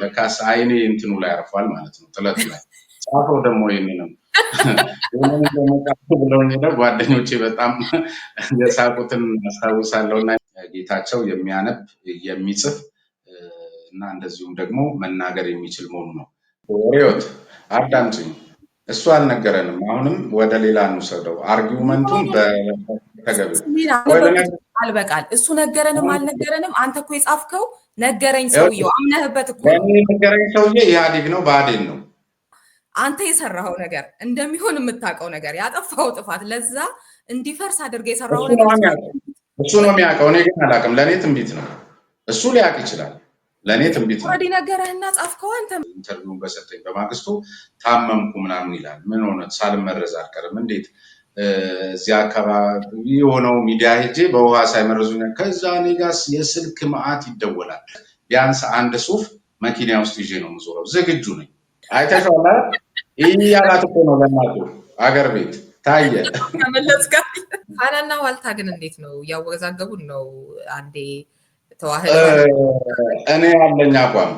ለካስ አይኔ እንትኑ ላይ አርፏል ማለት ነው፣ ጥለቱ ላይ ጻፈው ደግሞ ይህንንም ብለው ሄደው ጓደኞቼ በጣም የሳቁትን አስታውሳለሁ። እና ጌታቸው የሚያነብ የሚጽፍ እና እንደዚሁም ደግሞ መናገር የሚችል መሆኑ ነው። ሪዮት አዳምጪኝ፣ እሱ አልነገረንም። አሁንም ወደ ሌላ እንውሰደው። አርጊመንቱን አልበቃል እሱ ነገረንም አልነገረንም። አንተ እኮ የጻፍከው ነገረኝ ሰውየው አምነህበት እኮ ነገረኝ ሰውዬ ኢህአዴግ ነው ብአዴን ነው። አንተ የሰራኸው ነገር እንደሚሆን የምታውቀው ነገር ያጠፋኸው ጥፋት ለዛ እንዲፈርስ አድርገህ የሰራው እሱ ነው የሚያውቀው። እኔ ግን አላውቅም። ለእኔ ትንቢት ነው። እሱ ሊያውቅ ይችላል። ለእኔ ትንቢት ነው። ወዲህ ነገረህና ጻፍከው አንተ። ኢንተርቪውን በሰጠኝ በማግስቱ ታመምኩ ምናምን ይላል። ምን ሆነ? ሳልመረዝ አልቀርም እንዴት እዚያ አካባቢ የሆነው ሚዲያ ሄጄ በውሃ ሳይመረዙ ከዛ እኔ ጋ የስልክ መዓት ይደወላል። ቢያንስ አንድ ሱፍ መኪና ውስጥ ይዤ ነው የምዞረው። ዝግጁ ነኝ። አይተሻላ ይህ ያላት እኮ ነው ለእናቱ አገር ቤት ታየ ሀናና ዋልታ ግን እንዴት ነው እያወዛገቡን ነው? አንዴ ተዋህ እኔ ያለኝ አቋም